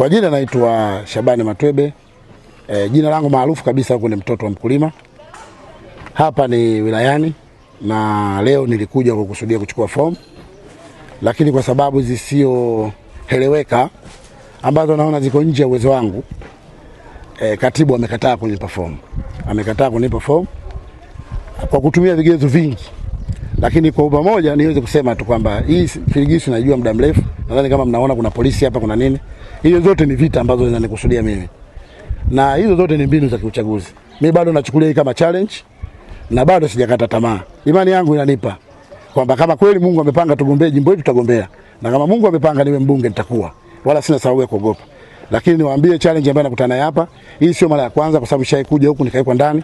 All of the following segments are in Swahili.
Kwa jina naitwa Shabani Matwebe. E, jina langu maarufu kabisa huko ni mtoto wa mkulima. Hapa ni wilayani na leo nilikuja kwa kusudia kuchukua fomu, lakini kwa sababu zisioeleweka ambazo naona ziko nje ya uwezo wangu e, katibu amekataa kunipa fomu, amekataa kunipa fomu kwa kutumia vigezo vingi, lakini kwa upamoja niweze kusema tu kwamba hii filigisi najua muda mrefu. Nadhani kama mnaona kuna polisi hapa, kuna nini Hizo zote ni vita ambazo nikusudia mimi, na hizo zote ni mbinu za kiuchaguzi. Mimi bado nachukulia hii kama challenge na bado sijakata tamaa. Imani yangu inanipa kwamba kama kweli Mungu amepanga tugombee jimbo hili tutagombea, na kama Mungu amepanga niwe mbunge nitakuwa, wala sina sababu ya kuogopa. Lakini niwaambie challenge ambayo nakutana nayo hapa, hii sio mara ya kwanza, kwa sababu shaikuja huku nikawekwa ndani,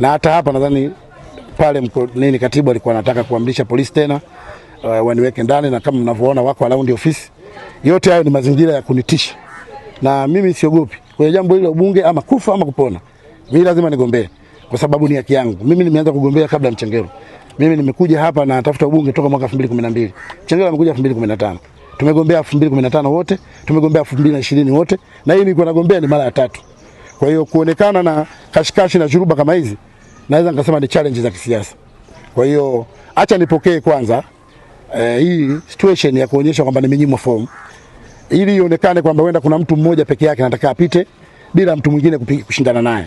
na hata hapa nadhani pale mko, nini katibu alikuwa anataka kuamrisha polisi tena uh, waniweke ndani, na kama mnavyoona wako alaundi ofisi. Yote hayo ni mazingira ya kunitisha, na mimi siogopi kwenye jambo hilo, bunge ama kufa ama kupona, mimi lazima nigombee kwa sababu ni haki yangu. Mimi nimeanza kugombea kabla Mchengero. Mimi nimekuja hapa na tafuta ubunge toka mwaka 2012. Mchengero amekuja 2015. Tumegombea 2015 wote, tumegombea 2020 wote, na hii nilikuwa nagombea ni mara ya tatu. Kwa hiyo kuonekana na kashikashi na shuruba kama hizi, naweza nikasema ni challenge za kisiasa. Kwa hiyo acha nipokee kwanza eh, hii situation ya kuonyesha kwamba nimenyimwa fomu ili ionekane kwamba wenda kuna mtu mmoja peke yake anataka apite bila mtu mwingine kushindana naye,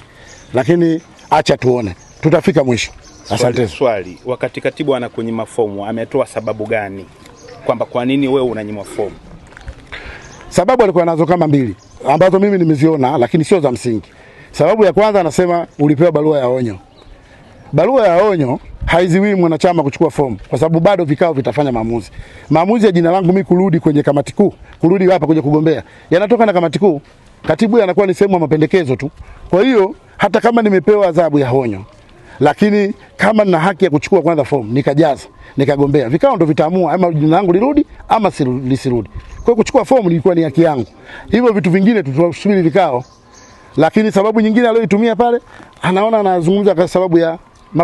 lakini acha tuone, tutafika mwisho. Asante. Swali, wakati katibu anakunyima fomu ametoa sababu gani kwamba kwa nini wewe unanyimwa fomu? Sababu alikuwa nazo kama mbili ambazo mimi nimeziona, lakini sio za msingi. Sababu ya kwanza anasema ulipewa barua ya onyo. Barua ya onyo haiziwi mwanachama kuchukua fomu, kwa sababu bado vikao vitafanya maamuzi. Maamuzi ya jina langu mimi kurudi kwenye kamati kuu, kurudi hapa kwenye kugombea, yanatoka na kamati kuu. Katibu anakuwa ni sehemu ya mapendekezo tu. Kwa hiyo hata kama nimepewa adhabu ya honyo, lakini kama nina haki ya kuchukua kwanza fomu nikajaza nikagombea, vikao ndo vitaamua ama jina langu lirudi ama lisirudi. Kwa hiyo kuchukua fomu ilikuwa ni haki yangu, hivyo vitu vingine tutasubiri vikao. Lakini sababu nyingine aliyoitumia pale, anaona anazungumza kwa sababu ya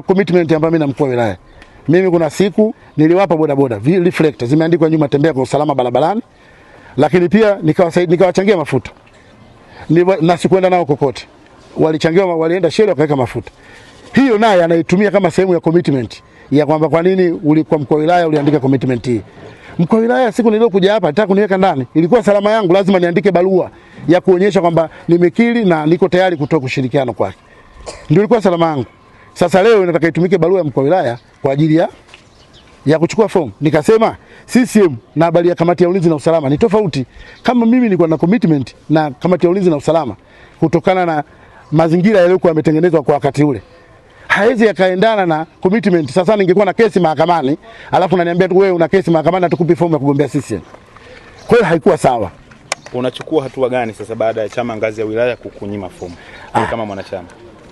commitment ambayo mimi na mkuu wa wilaya. Mimi kuna siku niliwapa bodaboda reflector zimeandikwa nyuma, tembea kwa usalama barabarani, lakini pia nikawasaidia nikawachangia mafuta na sikwenda nao kokote, walichangia walienda shule wakaweka mafuta. Hiyo naye anaitumia kama sehemu ya commitment ya kwamba kwa nini ulikuwa mkuu wa wilaya uliandika commitment hii. Mkuu wa wilaya siku niliyokuja hapa alitaka kuniweka ndani, ilikuwa salama yangu, lazima niandike barua ya kuonyesha kwamba nimekiri na niko tayari kutoa ushirikiano kwake, ndio ilikuwa salama yangu. Sasa leo nataka itumike barua ya mkuu wa wilaya kwa ajili ya ya kuchukua fomu. Nikasema CCM na habari ya kamati ya ulinzi na usalama ni tofauti. Kama mimi nilikuwa na commitment na kamati ya ulinzi na usalama kutokana na mazingira yaliyokuwa yametengenezwa kwa wakati ule. Haiwezi yakaendana na commitment. Sasa ningekuwa na kesi mahakamani, alafu unaniambia tu wewe una kesi mahakamani atakupi fomu ya kugombea CCM. Kwa hiyo haikuwa sawa. Unachukua hatua gani sasa baada ya chama ngazi ya wilaya kukunyima fomu ah, kama mwanachama?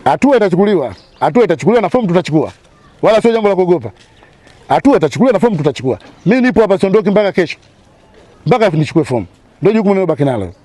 hatua itachukuliwa, hatua itachukuliwa na fomu tutachukua, wala sio jambo la kuogopa. Hatua itachukuliwa na fomu tutachukua. Mimi nipo hapa, siondoki mpaka kesho, mpaka nichukue fomu. Ndio jukumu nilobaki nalo.